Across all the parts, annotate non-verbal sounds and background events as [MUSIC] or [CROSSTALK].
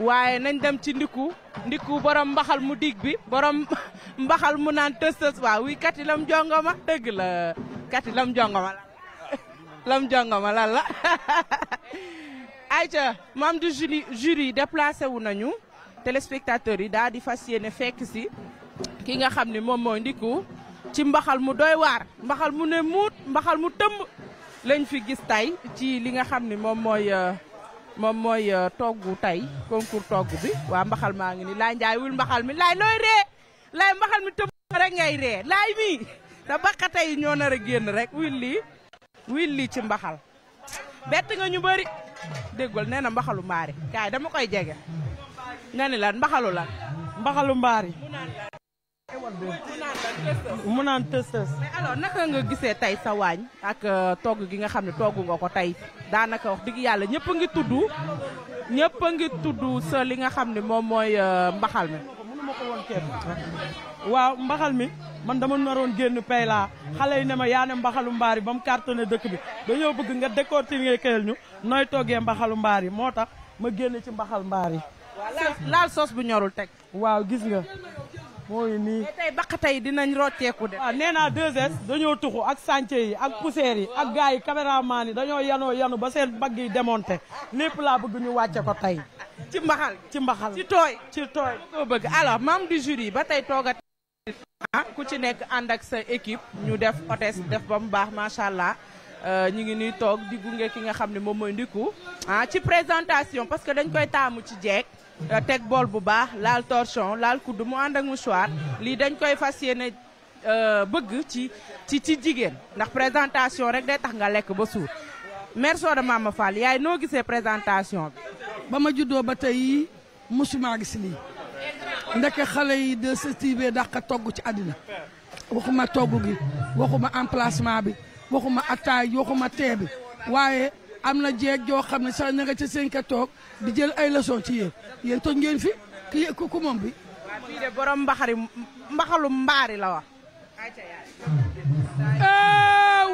waaye nañ dem ci ndikku ndikku borom mbaxal mu dig bi borom [LAUGHS] mbaxal mu naan tës tës waaw wi kati lam jongoma dëgg la kati lam jongoma lan lam jongoma lan la ayca [LAUGHS] [LAUGHS] membre du jury jury déplacé wu nañu téléspectateurs yi daal di fas yéene fekk si ki nga xam ne moom mooy ndikku ci mbaxal mu doy waar mbaxal mu ne muut mbaxal mu tëmb lañ fi gis tay ci li nga xam ni moom mooy euh, moom mooy euh, toggu tey concours togg bi waa mbaxal maa ngi ni laay njaay wul mbaxal mi laay looy ree laay mbaxal mi tëb rek ngay ree laay mi te baqate yi ñoo nar a génn rek wil lii wil lii ci mbaxal bett nga ñu bëri déggul nee na mbaxalu mbaari kaay dama koy jege nga ni lan mbaxalu lan mbaxalu mbaari mu naan tëstës mais alors naka nga gisee tey sa waañ ak euh, togg gi nga xam ne toogu nga ko tey daanaka wax dëgg yàlla ñëpp a ngi tudd ñëpp a ngi tudd sa li nga xam ne moom mooy euh, mbaxal mi waaw mbaxal mi man dama naroon génn pay xale yi ne ma yaa mbaxalu mbaar ba mu cartonné dëkk bi dañoo bëgg nga décortiquer këyal ñu nooy toogee mbaxalu mbaar yi moo tax ma génn ci mbaxal mbaar laal sos bu ñorul teg waaw gis nga mooy nii. tey baq tey dinañ rocceeku de. waaw nee naa 2S dañoo tuxu ak chantier yi ak poussière yi ak gars yi caméraman yi dañoo yanoo yanu ba seen bagg yi démonté lépp laa bëgg ñu wàcce ko tey. ci mbaxal ci mbaxal ci tooy ci tooy. soo bëgg alors membre du jury ba tey toogat. Ah ku ci nekk ànd ak sa équipe ñu def hôtesse def ba mu baax macha allah euh, ñu ngi nuy toog di gunge ki nga xam ne moom mooy ndiku ah ci présentation parce que dañ koy taamu ci jeeg teg bool bu baax laal torchon laal kudd mu ànd ak mouchoir lii dañ koy fas yéene euh, bëgg ci ci ci jigéen ndax présentation rek day tax nga lekk ba suur mère Soda Mama fal yaay noo gisee présentation bi. ba ma juddoo ba tey musuma gis lii ndeke xale yi de sa TV dàq togg ci àddina waxuma togg gi waxuma emplacement bi waxuma attaay waxuma tee waaye am na jeeg joo xam ne sax ña nga ca seen ka di jël ay la leçon ci yéen yéen toj ngeen fi ki ku ku moom bi. waaw borom mbaxari mbaxalum mbaari la wax.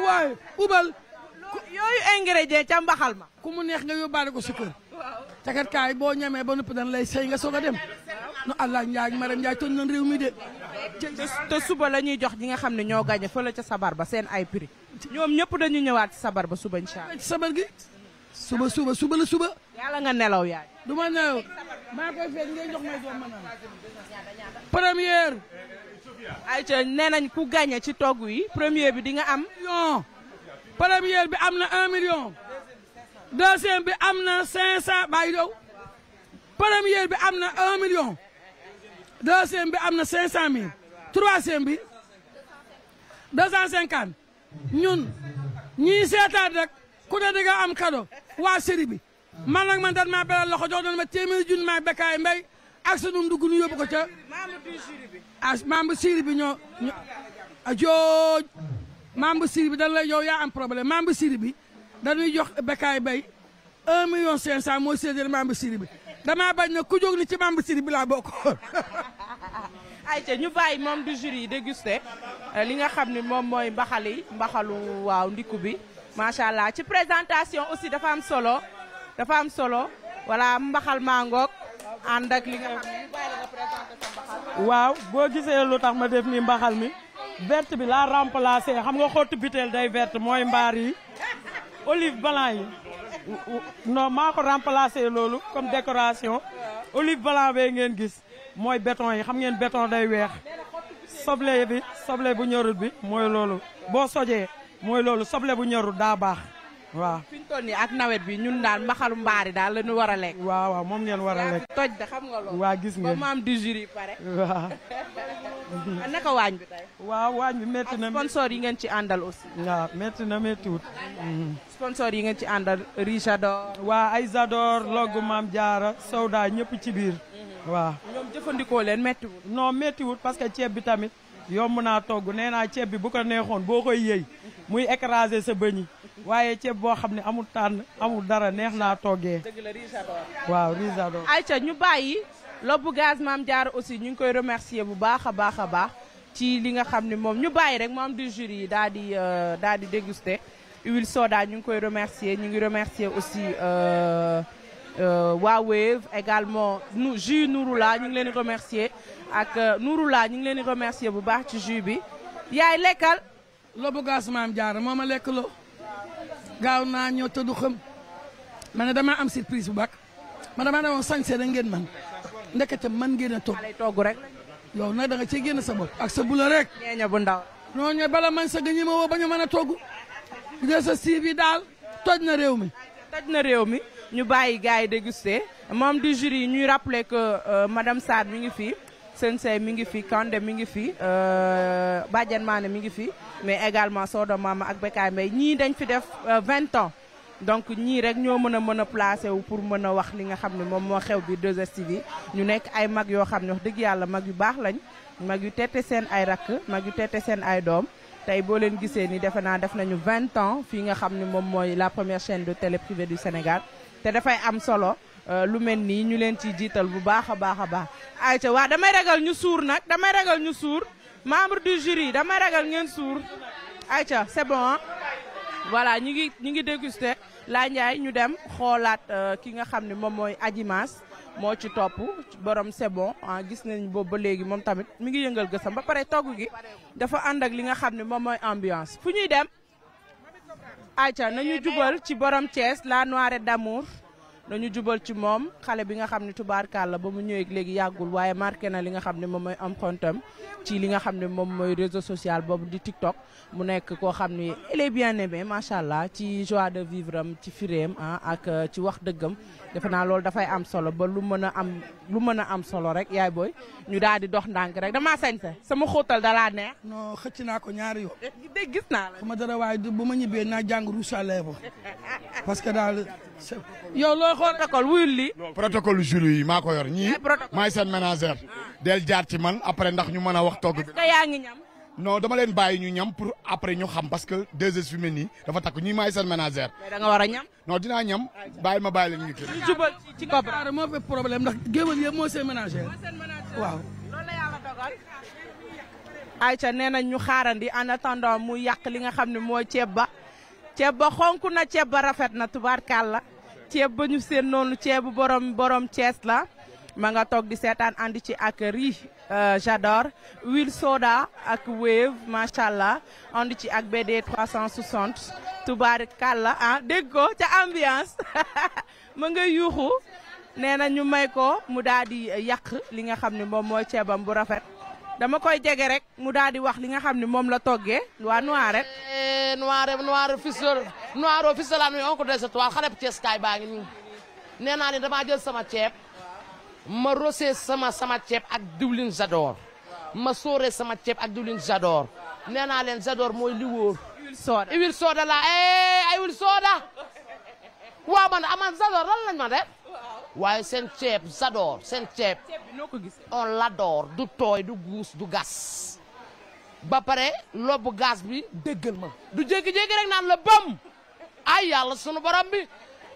waay ubal. yooyu ingrédient ca mbaxal ma. ku mu neex nga yóbbaale ko sa tegatkaay boo ñamee ba noppi dañ lay sëy nga soog a dem nu allah njaay maram njaay toñ nañ réew mi de te suba la ñuy jox ñi nga xam ne ñoo gàñe fële ca sabar ba seen ay prix ñoom ñëpp dañu ñëwaat ci sabar ba suba incha allah sabar gi suba suba suba la suba yàlla nga nelaw yaay du ma nelaw maa koy feet ngay jox may doom ma naan première ay ca nee nañ ku gàñe ci togg yi premier bi di nga am million bi am na un million deuxième bi am na cinq cent bàyyi dow première bi am na un million deuxième bi am na cinq cent mille troisième bi deux cent cinquante ñun ñii seetaan rek ku ne di am cadeau waa série bi man nag man der maa beral loxo jox doon ma téeméeri junni maa bekkaay mbay ak sunu ndugg ñu yóbbu ko ca ah membre série bi ñoo a jooj bi dañ lay yow yaa am problème membre série bi dañuy jox Bécaye Mbaye un million cinq cent moo séddale membre siri bi damaa bañ na ku jóg ni ci membre siri bi laa bokkoon ayca [LAUGHS] ñu bàyyi moom du jury de dégusté euh, li nga xam ne moom mooy mbaxal mbaxalu waaw ndiku bi macha allah ci présentation aussi dafa am solo dafa am solo voilà mbaxal mangoog ànd ak li nga xam ne waaw boo gisee lu tax ma def ni mbaxal mi verte bi laa remplacé xam nga xottu biteel day verte mooy mbaari yi olive balan yi non maa ko remplacé loolu comme décoration olive balan bee ngeen gis mooy beton yi xam ngeen béton day weex soble bi soble bu ñorut bi mooy loolu boo sojee mooy loolu soble bu ñorut daa baax waaw fi ñu toll nii ak nawet bi ñun daan mbaxalu mbaari daal lañu ñu war lekk. waaw waaw moom ngeen war a lekk. toj da xam nga loolu. waa gis ngeen ba maam du jury pare. waa [LAUGHS] ah, naka waañ bi tey. waaw waañ bi métti na. sponsor yi ngeen ci àndal aussi. waaw na méttiwut. Mm-hmm. sponsor yi ngeen ci àndal Richador. waa ay Zador logu maam jaara Sowda ñëpp ci biir. Mm-hmm. waaw ñoom jëfandikoo leen méttiwut. non méttiwut parce que ceeb bi tamit. yomb naa togg nee naa ceeb bi bu ko neexoon boo koy yëy muy écraser sa bëñ waaye ceeb boo xam ne amul tànn amul dara neex naa toggee. dëgg la waaw Rizador. Aïcha ñu bàyyi lobbu gaz maam jaar aussi ñu ngi koy remercier bu baax a baax a baax ci li nga xam ne moom ñu bàyyi rek moom du jury yi daal di euh, daal di déguster huile soda ñu ngi koy remercier ñu ngi remercier aussi. Euh, euh, waa Wave également nu nuru laa ñu ngi leen di remercier ak euh, Nouroullah ñu ngi leen di remercier bu baax ci jus bi yaay lekkal loo bëggaas maam jaara moo ma lekk loo gaaw naa ñëw tëddu xam ma ne damaa am surprise bu baax ma damaa ne woon sañsee da ngeen man ndekete man ngeen a togg togg rek loo nag da nga cee génn sa bopp ak sa bula rek ñeeña bu ndaw non bala man sa gëñi ma woo ba ñu mën a togg sa sii bi daal toj na réew mi toj na réew mi ñu bàyyi gars yi dégusté moom du jury ñuy rappeler que euh, madam Sarr mi ngi fii Sensey mi ngi fi Kande mi ngi fi euh, Badiane Mané mi ngi fi mais également Sodo Mama ak Bekay Mbaye ñii dañ fi def euh, vingt ans donc ñii rek ñoo mën a mën a placé wu pour mën a wax li nga xam ne moom moo xew bi 2STV ñu nekk ay mag yoo xam ne wax dëgg yàlla mag yu baax lañ mag yu teete seen ay rakk mag yu teete seen ay doom tey boo leen gisee ni defe naa def nañu vingt ans fii nga xam ni moom mooy la première chaîne de télé privée du Sénégal te Euh, lu mel nii ñu leen ci jiital bu baax a baax a baax ayca waa damay ragal ñu suur nag damay ragal ñu suur membre du jury damay ragal ngeen suur ayca c'est bon voilà ñu ngi ñu ngi dégusté laa Ndiaye ñu dem xoolaat euh, ki nga xam ne moom mooy Adji moo ci topp borom c'est bon ah gis nañ boobu ba léegi moom tamit mi ngi yëngal gësam ba pare togg gi dafa ànd ak li nga xam ne moom mooy ambiance fu ñuy dem ayca nañu jubal ci borom Thiès la Noirée d'amour nañu jubal ci moom xale bi nga xam ne tubaarkaal la ba mu ñëweek léegi yàggul waaye marqué na li nga xam ne moom mooy am xontam ci li nga xam ne moom mooy réseau social boobu di TikTok mu nekk koo xam ni il est bien aimé macha allah ci joie de vivre am ci firéem ah ak euh, ci wax dëggam defe naa loolu dafay am solo ba lu mën a am lu mën a am solo rek yaay booy ñu daal di dox ndànk rek damaa sañse sama xóotal dalaa neex. non xëcc naa ko ñaar yoon. dégg gis naa la. ma dara waaye du bu ma ñibbee naa jàng rouge à lèvres parce que daal. yow loo xool protocole wuyul lii. protocole juli yi maa ko yor ñii. Eh, maay seen ménagère. Ah. del jaar ci man après ndax ñu mën a wax togg bi. est yaa ngi ñam. non dama leen bàyyi ñu ñam pour après ñu xam parce que 2S nii dafa takk ñu maay seen ménagère. mais nga war a ñam. non dinaa ñam bàyyi ma bàyyi leen ñu. ñu jubal ci Cobra moo fi problème ndax géwél yëpp moo seen ménagère waaw. loolu la yàlla nee nañ ñu xaarandi en attendant mu yàq li nga xam ne moo ceeb ba ceeb ba xonk na ceeb ba rafet na tubaarkàlla ceeb ba ñu seen noonu ceebu borom borom Cees la. ma nga toog di seetaan ànd ci ak Ri euh, J'adore Will Soda ak Wave macha allah ànd ci ak BD 360 tubaarikàlla ah dégg ko ca ambiance [LAUGHS] ma nga yuuxu nee na ñu may ko mu daal di yàq li nga xam ne moom mooy ceebam bu rafet dama koy jege rek mu daal di wax li nga xam ne moom la toggee waa Noiret. Eh, Noiret Noiret fils de Noiret fils de la nuit on xale bu Cees kaay baa ngi nii nee naa ne damaa jël sama ceeb. ma rosee sama sama ceeb ak diwlin Zador ma sooree sama ceeb ak diwlin Zador nee naa leen Zador mooy li wóor. huile soda la eh, ay huile soda waaw man aman ah, Zador lan lañ ma def waaye seen ceeb Zador seen ceeb on l'adore du tooy du guus du gas ba pare lobu gas bi déggal ma du jékki naan la bam ay yàlla sunu borom bi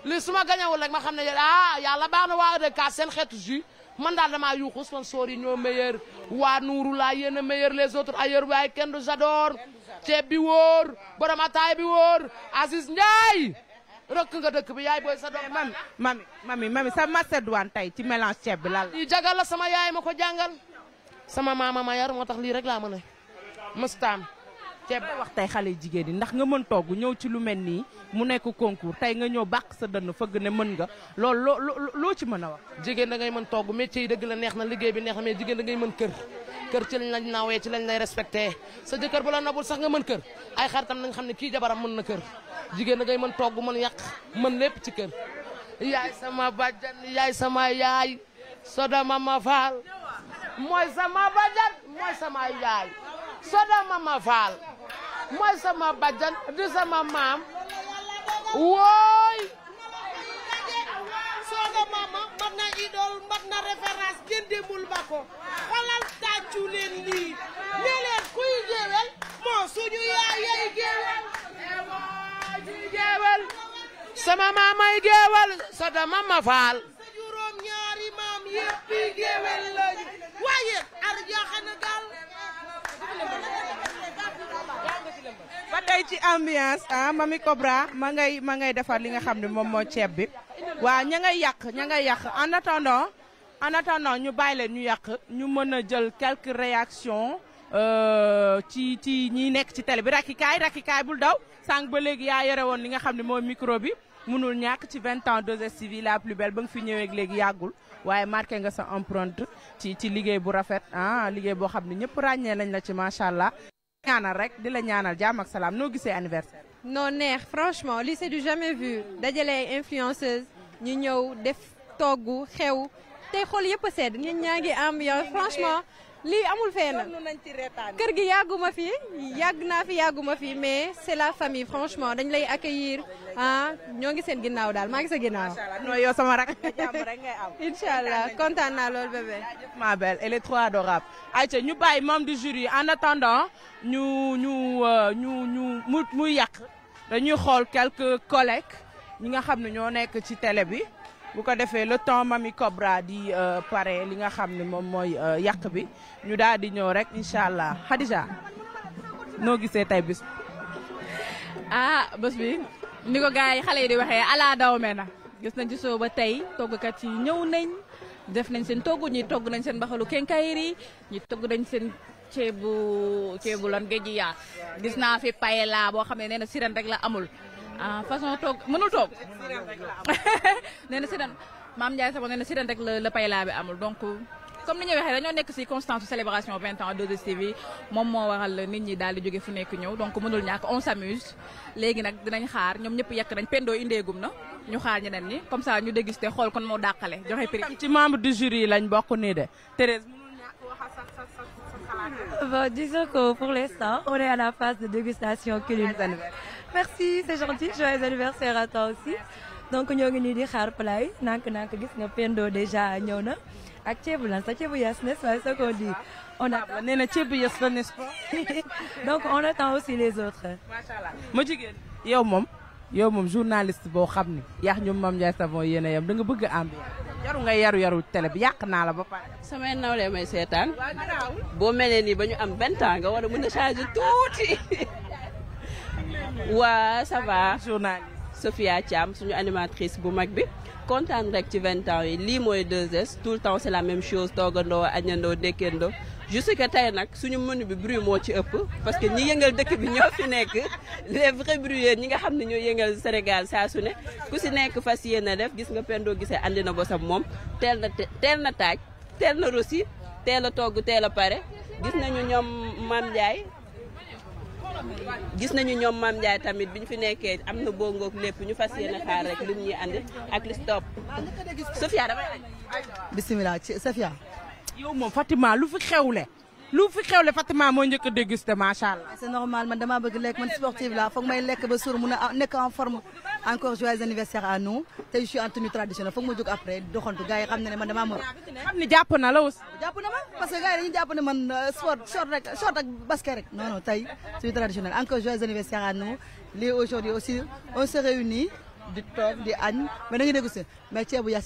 lii su ma gañewul rek ma xam ne a ah, yàlla baax na waa EDK seen xeetu jus man daal damaa yuuxu sponsor yi ñoo meilleur waa nuuru laa yéen a les autres ailleurs waaye kenn du j'adore ceeb bi wóor borom ataay bi wóor Aziz Ndiaye rëkk nga dëkk bi yaay booy sa doom mami mami mami mami sa macédoine tey ci mélange ceeb bi lan la. lii jagal la sama yaay ma ko jàngal sama maama ma yar moo tax lii rek laa mën a te wax tey xale jigéen yi ndax nga mën togg ñëw ci lu mel nii mu nekk tey nga ñëw bàq sa dënn fëgg ne mën nga loolu loo loo ci mën a wax jigéen da ngay mën togg métier yi dëgg la neex na liggéey bi neex na mais jigéen da ngay mën kër kër ci lañ lañ naawee ci lañ lay respecté sa jëkkër bu na nabul sax nga mën kër ay xaritam nañ xam ne kii jabaram mën na kër jigéen da ngay mën togg mën yàq mën lépp ci kër yaay sama bàjjan yaay sama yaay soda mama faal mooy sama bàjjan mooy sama yaay soda mooy sama bajjan di sama maam wooy sooga maama mat na idole mat na référence kenn ba ko xolal tàccu leen lii ne leen kuy moo suñu yaay yay géwél juy géwél sama maamay géwél sa dama faal sa ñaari maam yëpp géwél tey ci ambiance ah mami Cobra ma ngay ma ngay defar li nga xam ne moom moo ceeb bi waa ña ngay yàq ña ngay yàq en attendant en ñu bàyyi leen ñu yàq ñu mën a jël quelques réactions euh, ci ci ñi nekk ci télé bi rakikaay rakikaay bul daw sànq ba léegi yaa yore woon li nga xam ne mooy micro bi mënul ñàkk ci 20 ans 2STV la plus belle ba nga fi ñëwee léegi yàggul waaye marqué nga sa empreinte ci ci liggéey bu rafet ah liggéey boo xam ne ñëpp ràññee nañ la ci macha allah ñaanal rek di la ñaanal jàmm ak salaam noo gisee anniversaire. noo neex franchement lii c'est du jamais vu dajale ay influenceuse ñu ñëw def togg xew tey xool yëpp a sedd ñun ñaa ngi ambiance franchement. lii amul fenn kër gi yàgguma fi yàgg naa fi yàgguma fi mais c'est la famille franchement dañ lay accueillir ah ñoo ngi seen ginnaaw daal maa ngi sa ginnaaw. non yow sama rak incha allah kontaan naa lool bébé. ma belle elle est trop adorable. ñu bàyyi membre du jury en attendant ñu ñu euh, ñu ñu mu muy yàq dañuy xool quelques collègues ñi nga xam ne ñoo nekk ci télé bi. bu ko defee le temps mami Cobra di euh, pare li nga xam ne moom mooy euh, yàq bi ñu daal di ñëw rek incha allah Khadija noo gisee tey bis. ah bés bi ni ko gars yi xale yi di waxee ala daw na gis nañ ci soow ba tey toggkat yi ñëw nañ def nañ seen togg ñi togg nañ seen baxalu mbaxalu kenkayri ñi togg nañ seen. ceebu ceebu lan géej gi yaa gis naa fi paella boo xam ne nee na siren rek la amul ah façon toog mënul toog [LAUGHS] nee na sidan maam Ndiaye sama nee na sidan rek la la paylaa bi amul donc comme ni ñu waxee dañoo nekk ci constance célébration 20 ans 2STV moom moo waral nit ñi daal di jóge fu nekk ñëw donc mënul ñàkk on s'amuse léegi nag dinañ xaar ñoom ñëpp yekk nañ pendoo indeegum na ñu xaar ñeneen ñi comme ça ñu dégusté xool kon moo dàqale joxe prix. ci membre du jury lañ bokk nii de Thérèse. Bon, disons que pour l'instant, on est à la phase de dégustation culinaire. merci c'est gentil joyeux anniversaire à toi aussi ñoo ngi nii di xaar plat yi nànk gis nga Pendo déjà ñëw na ak ceebu lan sa ceebu yas n'est-ce pas nee na ceebu yas la n'est-ce pas [LAUGHS] donc on attend les autres. macha allah ma jigéen yow moom. yow moom journaliste boo xam ni yaax ñoom Mame Ndiaye Savon yéen a yem da nga bëgg ambiance yaru nga yaru yaru télé bi yàq naa la ba pare. samay nawlee may seetaan boo melee nii ba ñu am benn temps nga war a mën a changer tuuti. [LAUGHS] waa ça va journaliste Sophia Thiam suñu animatrice bu mag bi kontaan rek ci vingt temps yi lii mooy 2S tout le temps c'est la même chose toogandoo añandoo dékkandoo juste que tey nag suñu menu bi bruit moo ci ëpp parce que ñi yëngal dëkk bi ñoo fi nekk les vrais bruits ñi nga xam ne ñoo yëngal Sénégal saa su ne ku si nekk fas yéene def gis nga Pendo gisee andi na bosam moom teel na teel na taaj teel na rosi teel a togg teel a pare gis nañu ñoom Mame Ndiaye gis nañu ñoom Mame Ndiaye tamit bi ñu fi nekkee am na bongoog lépp ñu fas yéene xaar rek lim ñuy andi ak li stop. Safia damay. bisimilah ci Safia. yow moom Fatima lu fi xewle. lu fi xewle Fatima moo njëkk a dégusté macha allah. c'est lekk man sportive la foog may lekk ba suur mun a nekk en encore joyeux anniversaire à nous te je suis en ma jóg après doxantu gars yi xam na ne man damaa mën. la aussi. jàpp ma euh, sport short rek short ak basket rek. non non tey encore joyeux anniversaire à nous lii aussi on réunit. di toog di añ mais da nga dégg si mais ceebu bi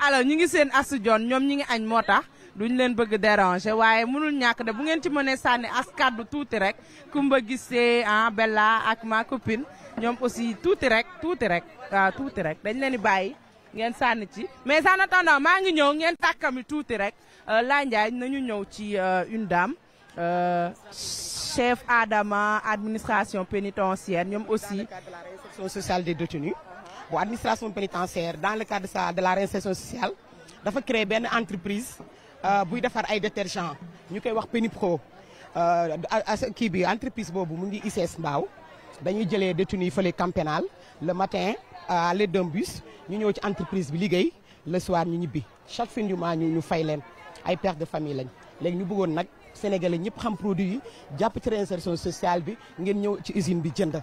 alo ñi ngi seen asu jon ñoom ñi ngi añ moo tax duñ leen bëgg dérangé waaye munul ñàkk ne bu ngeen ci mënee sànni as kàddu tuuti rek Kumba Gisee ah Bella ak ma copine ñoom aussi tuuti rek tuuti rek tuuti rek dañ leen di bàyyi ngeen sànni ci mais en attendant maa ngi ñëw ngeen tàkkami tuuti rek euh, laa nañu ñëw ci euh, une dame euh, chef Adama administration pénitentiaire ñoom aussi. sociale des détenus bu administration pénitentiaire dans le cadre de sa de la réinsertion sociale dafa créer benn entreprise euh, buy defar ay détergent ñu koy wax Penipro euh, kii bi entreprise boobu mu ngi ICS Mbaaw dañuy jëlee détenu yi fële camp le matin euh, à l'aide d'un bus ñu ñëw ci entreprise bi liggéey le soir ñu ñibbi chaque fin du ñu ñu fay leen ay pères de famille lañ léegi ñu buggoon nag sénégalais ñëpp xam produit yi jàpp ci réinsertion sociale bi ngeen ñëw ci usine bi jënd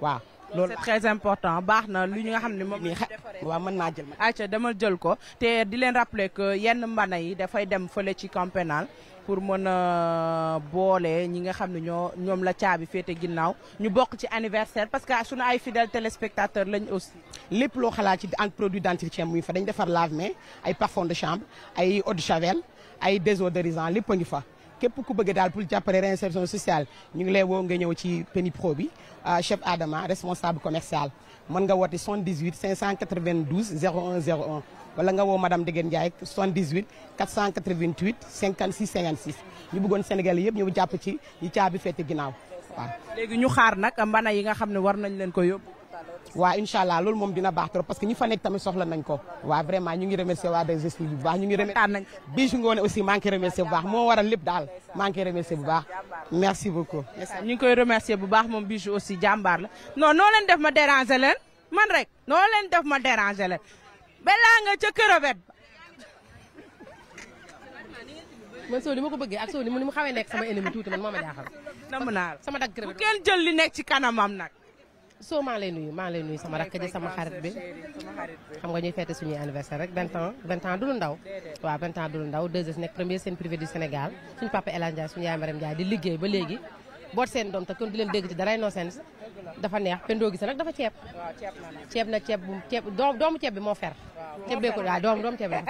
waaw loolu très important baax na lu ñu nga xam ne moom la waa man naa jël ayca demal jël ko te di leen rappeler que yenn mbana yi dafay dem fële ci camp pour mën a boole ñi nga xam ne ñoo ñoom la caabi féete ginnaaw ñu bokk ci anniversaire parce que suñu ay fidèles téléspectateurs lañ aussi. lépp loo xalaat ci en produit d'entretien muy fa dañ defar lave-mains ay parfum de chambre ay eau de javel ay désodorisant lépp a ngi fa. képp ku bëgg daal pour jàppale réinsertion sociale ñu ngi lay woo nga ñëw ci Penipro bi ah, chef Adama responsable commercial mën nga woote 78 592 01 01 wala nga woo madame Degen Ndiaye 78 488 56 56 ñu bëggoon Sénégal yëpp ñëw jàpp ci ñi caabi feete ginnaaw waaw. léegi ñu xaar nag mbana yi nga xam ne war nañ leen ko yóbbu. waaw incha allah loolu moom dina baax trop parce que ñi fa nekk tamit soxla nañ ko waaw vraiment ñu ngi remercier waa 2STV bu baax ñu remercier koy remercier bu baax moo waral lépp daal maa ngi remercier bu baax merci beaucoup ñu ngi koy remercier bu baax moom Bijou aussi jàmbaar la non noo leen def ma déranger leen man rek noo leen def ma déranger leen balaa nga ca kërobet man soo ni ma ko bëggee ak soo mu xawee nekk sama ennemi tuut man moo ma jaaxal. namm naa la sama dag kërobet bu kenn jël nekk ci kanamam nag soo maa lay nuyu maa lay nuyu sama rakk ji sama xarit bi xam nga ñuy fête suñuy anniversaire rek vingt ans vingt ans du lu ndaw waaw vingt ans du lu ndaw deux nekk premier seen privé du Sénégal suñu papa El Hadj Ndiaye suñu yaay Mariam di liggéey ba léegi boot seen doom te kon di leen dégg ci dara noo seen dafa neex Pendo Guissé nag dafa ceeb. ceeb na ceeb bu doomu ceeb bi moo fer. ceeb bee ko doomu ceeb bi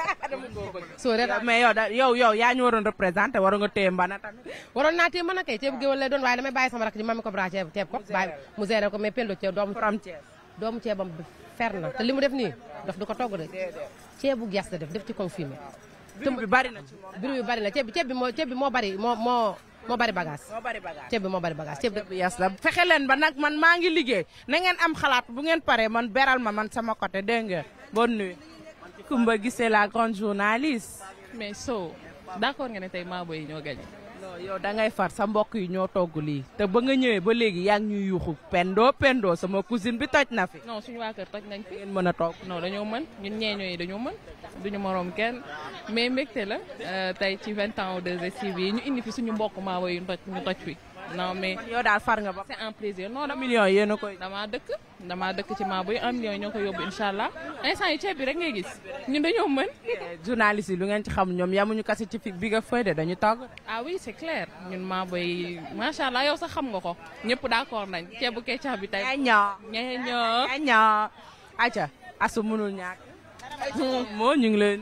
soo [LAUGHS] rek mais yow da yow yow yaa ñu waroon représenté waroon nga téye mbana tamit. waroon naa téye mbana kay ceeb géwél lay doon waaye damay bàyyi sama rakk ji mami ko bra ceeb teeb ko bàyyi mu ceeb doomu. ceeb doomu ceebam na te li def nii daf du ko de. ceebu gas la def def ci confirmé. bi bari bi bari na ceeb bi moo bari moo moo bari bagage moo bari bagage ceeb bi moo bari bagage ceeb bi yes la fexe leen ba nag man maa ngi liggéey na ngeen am xalaat bu ngeen paree man beral ma man sama côté dégg nga bonne nuit Coumba Guissé la grande journaliste mais so d'accord nga ne tey maa booy ñoo gagné yow da ngay far sa mbokk yi ñoo togg lii te ba nga ñëwee ba léegi yaa ngi ñuy yuuxu pendoo pendoo sama cousine bi toj na fi. non suñu waa kër toj nañ fi. ngeen mën a togg non dañoo mën ñun ñeeñoo yi dañoo mën ñu moroom kenn mais mbégte la euh, tey ci vingt ans ou deux STV yi ñu indi fi suñu mbokk maa yu ñu toj ñu toj fi. non mais yow daal far nga ba. c'est un plaisir non non millions yéen koy. damaa dëkk damaa dëkk ci maa buy un million ñoo koy yóbbu incha allah instant yi ceeb bi rek nga gis ñun dañoo mën. [LAUGHS] journaliste lu ngeen ci xam ñoom yamuñu kase ci bi nga fay de dañu tàgg. ah oui c'est clair ñun maa buy macha allah yow sa xam nga ko ñëpp d'accord nañ ceebu kecax bi tey. ñoo ñoo ñoo. acca asu mënul ñàkk. [LAUGHS] moo ñu ngi leen.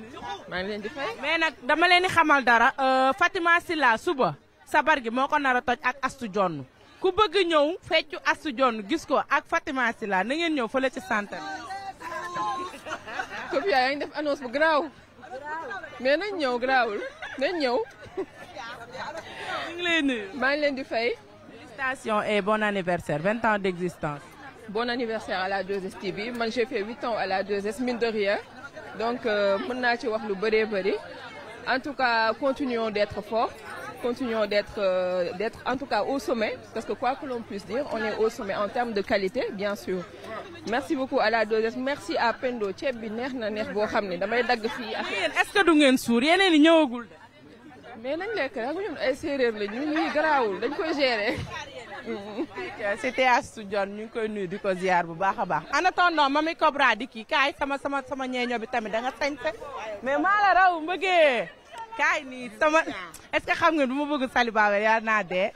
maa ngi mais nag dama leen di xamal dara euh, Fatima la suba. sabar gi moo ko nar a toj ak astu jonn ku bëgg ñëw feccu astu jonn gis ko ak Fatima Sylla na ngeen ñëw fële ci centre bi [LAUGHS] yaa ngi def annonce bu garaaw mais nañ ñëw garaawul nañ ñëw [LAUGHS] ñu ngi lay nuyu maa ngi leen di fay félicitations et bon anniversaire vingt ans d'existence bon anniversaire à la 2STV man j'ai fait huit ans à la 2S mine de rien donc euh, mën naa ci wax lu bëree bëri en tout cas continuons d'être forts continuons d'être, euh, d'être en tout cas au sommet, parce que quoi que l'on puisse dire, on est au sommet en termes de qualité, bien sûr. Merci beaucoup à la 2 merci à Pendo ceeb bi neex na neex boo xam ne damay dagg fii ak. est du ngeen suur yeneen i ñëwagul de. mais nañ lekk séeréer la ñun ñuy garaawul dañ koy gérer. c'était Astou Dione ñu ngi koy nuyu di ko ziar bu baax a baax en attendant mami Cobra di kii kaay sama sama sama ñeeño bi tamit danga nga sañse mais maa la raw mbëggee. kaay nii sama est-ce que xam nga du ma bëgg Sali Baba yal naa dee.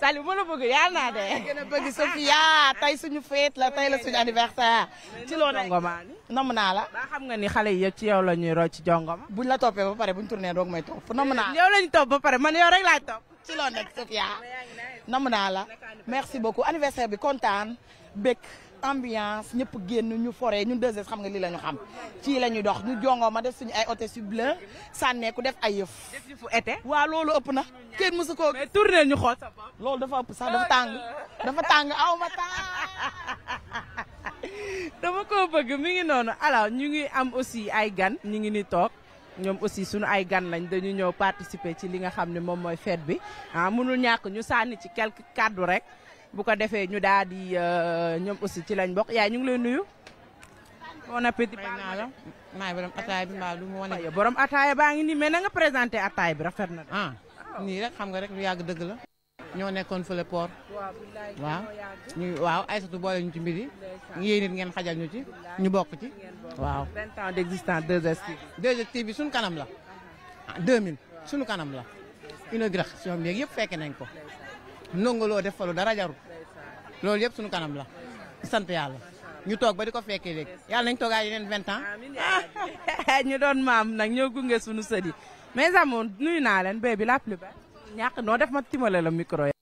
Sali ma la bëgg yal naa dee. a bëgg Sofia tey suñu fête la tey la suñu anniversaire. ci loolu jongomaa ni namm naa la. ba xam nga ni xale yi ci yow la ñuy rocc ci jongoma. buñ la toppee ba pare buñ tourné doog may topp namm naa. yow lañu topp ba pare man yow rek laay topp. ci loolu nag Sofia namm naa la merci beaucoup anniversaire bi kontaan bëgg. ambiance ñëpp génn ñu foree ñu 2 xam nga lii la xam ci la ñuy dox ñu jongoo ma def suñu ay hôtesse yu sànnee ku def ay yëf. def yëfu waa waaw loolu ëpp na. kenn mësu koo mais tourné ñu xool sa bopp. loolu dafa ëpp sax dafa tàng dafa tàng aw ma tàng. [LAUGHS] dama ko bëgg mi ngi noonu alors ñu ngi am aussi ay gan ñu ngi ni toog ñoom aussi suñu ay gan lañ dañu ñëw participer ci li nga xam ne moom mooy fête bi ah mënul ñàkk ñu sànni ci quelques kàddu rek bu ko defee ñu daal di euh, ñoom aussi ci lañ bokk yaay ñu ngi lay nuyu. bon appétit baax naa la maay borom ataaya bi mbaa du ma wane. borom ataaya baa ngi nii mais na présenté ataaya bi rafet na de. Ah, nii rek xam nga rek lu yàgg dëgg la. ñoo nekkoon fële port. waaw ñu waaw Aïssatou boole ñu ci mbir yi. yéen it ngeen xajal ñu ci ñu bokk ci. waaw 20 ans d'existence 2STV. 2 bi suñu kanam la. ah 2000 suñu kanam la. inauguration bi yëpp fekke nañ ko. nongo loo def falu dara jarul loolu yëpp suñu kanam la sant yàlla ñu toog ba di ko fekkee léegi yàlla nañ toogaa yeneen vingt ans [LAUGHS] ñu doon maam nag ñoo gunge suñu sët yi mais amoon nuyu naa leen bébé bi la plus belle ñàkk noo def ma timale la micro ya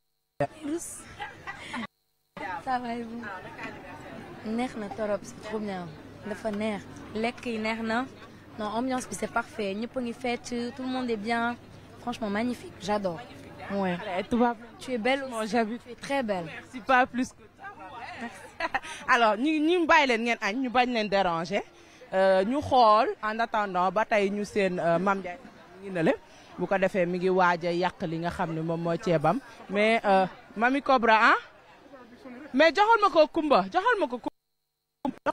neex na torop c'est trop bien dafa neex lekk yi neex na non ambiance bi c'est parfait ñëpp a ngi fête tout le monde est bien franchement magnifique j'adore Ouais. Tu es belle aussi. Tu es très belle. Merci pas plus que ça. Alors, ñu ñu bàyyi leen ngeen añ ñu bañ leen déranger euh, ñu xool en attendant ba tey ñu seen euh, Mame Ndiaye ngi na le bu ko defee mi ngi waaj a yàq li nga xam ne moom moo ceebam mais euh, Mamy Cobra ah mais joxal ma ko Kumba joxal ma ko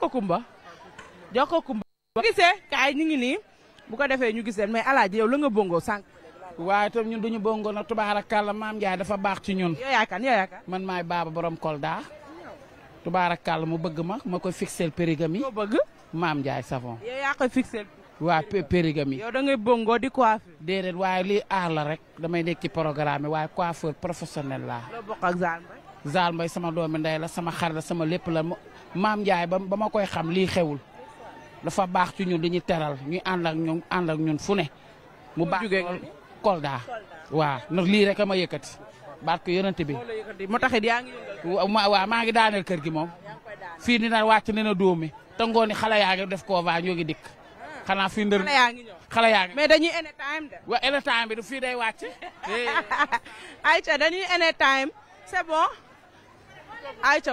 Kumba jox ko Kumba gisee kaay ñu ngi nii bu ko defee ñu gis leen mais alaaji yow la nga bongo sànq waaye itam ñun duñu bongo nag tubaarakàlla maam Ndiaye dafa baax ci ñun. yoo yaakaar man maay baaba borom kol Kolda. tubaarakàlla mu bëgg ma ma koy fixel périgami. yoo bëgg maam Ndiaye savon. yow yaa koy fixel. waa yow da ngay bongo di coiffé. déedéet waaye lii aar la rek damay nekk ci programme bi waaye coiffeur professionnel laa. loo bokk ak Zal Mbaye. Zal Mbaye sama doomi la sama xar la sama lépp la maam Ndiaye ba ma koy xam lii xewul. dafa baax ci ñun dañuy teral ñuy ànd ak ñun ànd ak ñun fu ne. mu baax Kolda waaw ndax lii rek a ma yëkkati barke yonent bi mu taxit yaa ngi maa ngi daaneel kër gi moom fii ni na wàcc ne na dóomi te ngoon xale yaa ngi def koo va ñoo ngi dikk xanaa fii ndër xale yaa ngi mais dañuy ene time de waaw ene time bi du fii [LAUGHS] dañuy ene time c'est bon ayca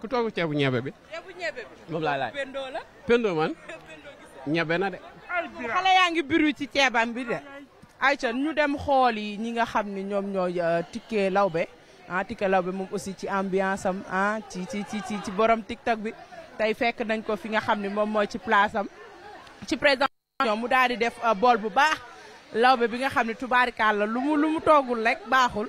ku toogu ceebu ñebe bi ceebu ñebe bi moom laa laaj pendoo la pendoo man [LAUGHS] ñebe na de xale yaa ngi biru ci ceebam bi de ay ayca ñu dem xool yi ñi nga xam ni ñoom ñooy euh, Tické Laobé ah Tické Laobé moom aussi ci ambiance am ah ci ci ci ci borom TikTok bi tey fekk nañ ko fi nga xam ni moom mooy ci place am ci présentation mu daal di def euh, bool bu baax Laobé bi nga xam ne tubaarikaal la lu mu lu mu toogul rek baaxul